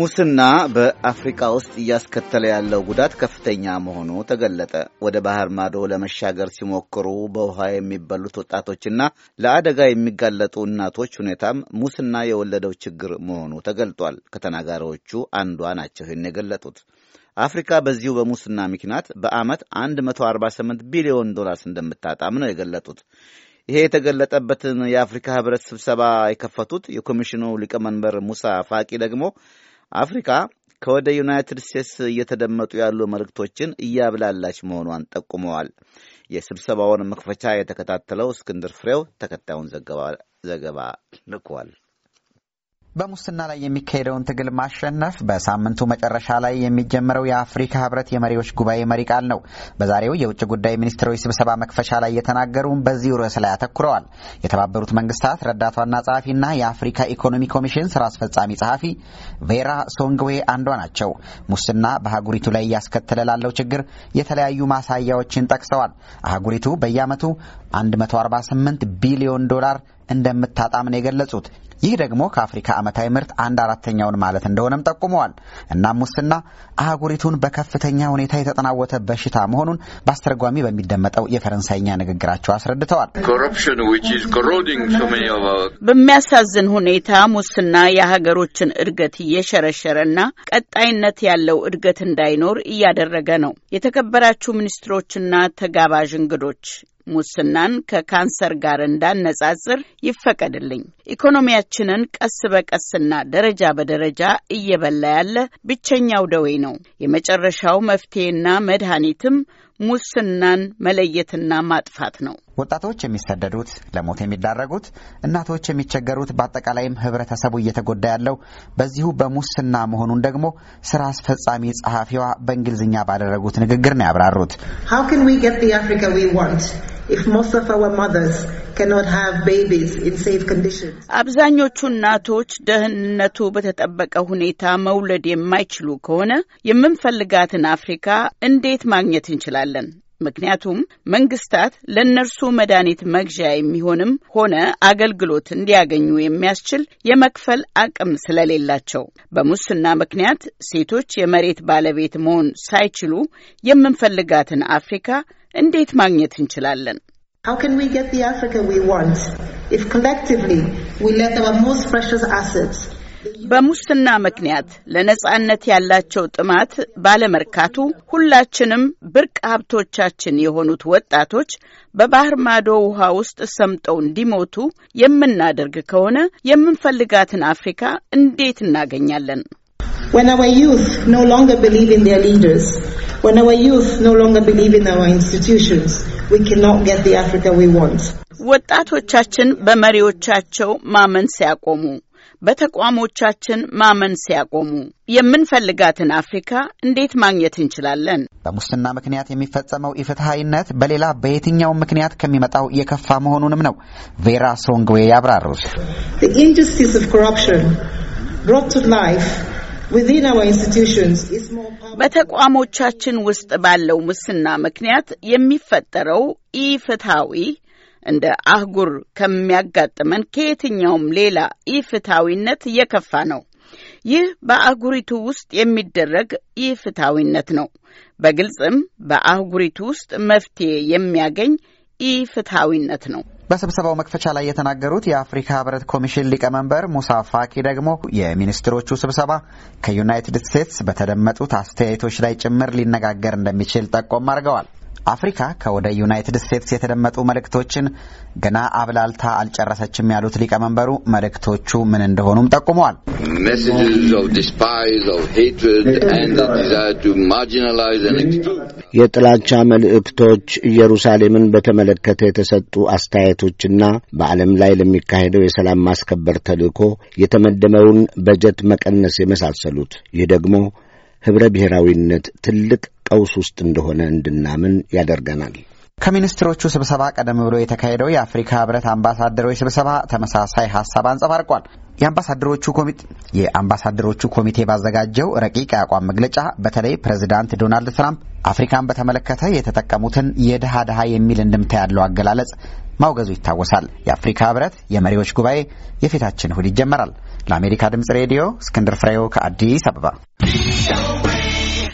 ሙስና በአፍሪካ ውስጥ እያስከተለ ያለው ጉዳት ከፍተኛ መሆኑ ተገለጠ። ወደ ባህር ማዶ ለመሻገር ሲሞክሩ በውሃ የሚበሉት ወጣቶችና ለአደጋ የሚጋለጡ እናቶች ሁኔታም ሙስና የወለደው ችግር መሆኑ ተገልጧል። ከተናጋሪዎቹ አንዷ ናቸው ይህን የገለጡት። አፍሪካ በዚሁ በሙስና ምክንያት በዓመት 148 ቢሊዮን ዶላርስ እንደምታጣም ነው የገለጡት። ይሄ የተገለጠበትን የአፍሪካ ህብረት ስብሰባ የከፈቱት የኮሚሽኑ ሊቀመንበር ሙሳ ፋቂ ደግሞ አፍሪካ ከወደ ዩናይትድ ስቴትስ እየተደመጡ ያሉ መልእክቶችን እያብላላች መሆኗን ጠቁመዋል። የስብሰባውን መክፈቻ የተከታተለው እስክንድር ፍሬው ተከታዩን ዘገባ ልኳል። በሙስና ላይ የሚካሄደውን ትግል ማሸነፍ በሳምንቱ መጨረሻ ላይ የሚጀምረው የአፍሪካ ህብረት የመሪዎች ጉባኤ መሪ ቃል ነው። በዛሬው የውጭ ጉዳይ ሚኒስትሮች ስብሰባ መክፈቻ ላይ የተናገሩም በዚሁ ርዕስ ላይ አተኩረዋል። የተባበሩት መንግስታት ረዳት ዋና ጸሐፊና የአፍሪካ ኢኮኖሚ ኮሚሽን ስራ አስፈጻሚ ጸሐፊ ቬራ ሶንግዌ አንዷ ናቸው። ሙስና በአህጉሪቱ ላይ እያስከተለ ላለው ችግር የተለያዩ ማሳያዎችን ጠቅሰዋል። አህጉሪቱ በየዓመቱ 148 ቢሊዮን ዶላር እንደምታጣም ነው የገለጹት። ይህ ደግሞ ከአፍሪካ ዓመታዊ ምርት አንድ አራተኛውን ማለት እንደሆነም ጠቁመዋል። እናም ሙስና አህጉሪቱን በከፍተኛ ሁኔታ የተጠናወተ በሽታ መሆኑን በአስተርጓሚ በሚደመጠው የፈረንሳይኛ ንግግራቸው አስረድተዋል። በሚያሳዝን ሁኔታ ሙስና የሀገሮችን እድገት እየሸረሸረና ቀጣይነት ያለው እድገት እንዳይኖር እያደረገ ነው። የተከበራችሁ ሚኒስትሮችና ተጋባዥ እንግዶች ሙስናን ከካንሰር ጋር እንዳነጻጽር ይፈቀድልኝ። ኢኮኖሚያችንን ቀስ በቀስና ደረጃ በደረጃ እየበላ ያለ ብቸኛው ደዌ ነው። የመጨረሻው መፍትሄና መድኃኒትም ሙስናን መለየትና ማጥፋት ነው። ወጣቶች የሚሰደዱት፣ ለሞት የሚዳረጉት፣ እናቶች የሚቸገሩት፣ በአጠቃላይም ህብረተሰቡ እየተጎዳ ያለው በዚሁ በሙስና መሆኑን ደግሞ ስራ አስፈጻሚ ጸሐፊዋ በእንግሊዝኛ ባደረጉት ንግግር ነው ያብራሩት። አብዛኞቹ እናቶች ደህንነቱ በተጠበቀ ሁኔታ መውለድ የማይችሉ ከሆነ የምንፈልጋትን አፍሪካ እንዴት ማግኘት እንችላለን? ምክንያቱም መንግስታት ለእነርሱ መድኃኒት መግዣ የሚሆንም ሆነ አገልግሎት እንዲያገኙ የሚያስችል የመክፈል አቅም ስለሌላቸው። በሙስና ምክንያት ሴቶች የመሬት ባለቤት መሆን ሳይችሉ የምንፈልጋትን አፍሪካ እንዴት ማግኘት እንችላለን? How can we get the Africa we want if collectively we let our most precious assets በሙስና ምክንያት ለነጻነት ያላቸው ጥማት ባለመርካቱ ሁላችንም ብርቅ ሀብቶቻችን የሆኑት ወጣቶች በባህር ማዶ ውሃ ውስጥ ሰምጠው እንዲሞቱ የምናደርግ ከሆነ የምንፈልጋትን አፍሪካ እንዴት እናገኛለን? When our youth no longer believe in their leaders, when our youth no longer believe in our institutions, we cannot get the Africa we want. ወጣቶቻችን በመሪዎቻቸው ማመን ሲያቆሙ በተቋሞቻችን ማመን ሲያቆሙ የምንፈልጋትን አፍሪካ እንዴት ማግኘት እንችላለን? በሙስና ምክንያት የሚፈጸመው ኢፍትሐዊነት በሌላ በየትኛው ምክንያት ከሚመጣው የከፋ መሆኑንም ነው ቬራ ሶንግዌ ያብራሩት። በተቋሞቻችን ውስጥ ባለው ሙስና ምክንያት የሚፈጠረው ኢፍትሐዊ እንደ አህጉር ከሚያጋጥመን ከየትኛውም ሌላ ኢፍታዊነት የከፋ ነው። ይህ በአህጉሪቱ ውስጥ የሚደረግ ኢፍታዊነት ነው። በግልጽም በአህጉሪቱ ውስጥ መፍትሄ የሚያገኝ ኢፍትሐዊነት ነው። በስብሰባው መክፈቻ ላይ የተናገሩት የአፍሪካ ህብረት ኮሚሽን ሊቀመንበር ሙሳ ፋኪ ደግሞ የሚኒስትሮቹ ስብሰባ ከዩናይትድ ስቴትስ በተደመጡት አስተያየቶች ላይ ጭምር ሊነጋገር እንደሚችል ጠቆም አድርገዋል። አፍሪካ ከወደ ዩናይትድ ስቴትስ የተደመጡ መልእክቶችን ገና አብላልታ አልጨረሰችም ያሉት ሊቀመንበሩ መልእክቶቹ ምን እንደሆኑም ጠቁመዋል። የጥላቻ መልእክቶች፣ ኢየሩሳሌምን በተመለከተ የተሰጡ አስተያየቶችና በዓለም ላይ ለሚካሄደው የሰላም ማስከበር ተልዕኮ የተመደበውን በጀት መቀነስ የመሳሰሉት ይህ ደግሞ ኅብረ ብሔራዊነት ትልቅ ቀውስ ውስጥ እንደሆነ እንድናምን ያደርገናል። ከሚኒስትሮቹ ስብሰባ ቀደም ብሎ የተካሄደው የአፍሪካ ህብረት አምባሳደሮች ስብሰባ ተመሳሳይ ሀሳብ አንጸባርቋል። የአምባሳደሮቹ ኮሚቴ የአምባሳደሮቹ ኮሚቴ ባዘጋጀው ረቂቅ የአቋም መግለጫ በተለይ ፕሬዚዳንት ዶናልድ ትራምፕ አፍሪካን በተመለከተ የተጠቀሙትን የድሃ ድሃ የሚል እንድምታ ያለው አገላለጽ ማውገዙ ይታወሳል። የአፍሪካ ህብረት የመሪዎች ጉባኤ የፊታችን እሁድ ይጀመራል። ለአሜሪካ ድምጽ ሬዲዮ እስክንድር ፍሬው ከአዲስ አበባ